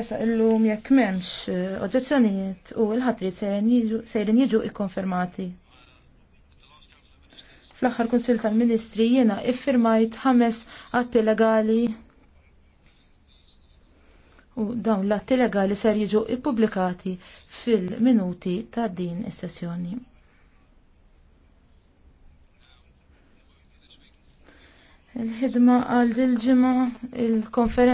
Issa illum jekk m'hemmx eh, oġġezzjonijiet u l-ħatri sejrin jiġu ikkonfermati. Fl-aħħar kunsil tal-Ministri jiena iffirmajt ħames atti legali u dawn l-atti legali ser jiġu ippubblikati fil-minuti ta' din is-sessjoni. Il-ħidma għal il ġimgħa il-konferenza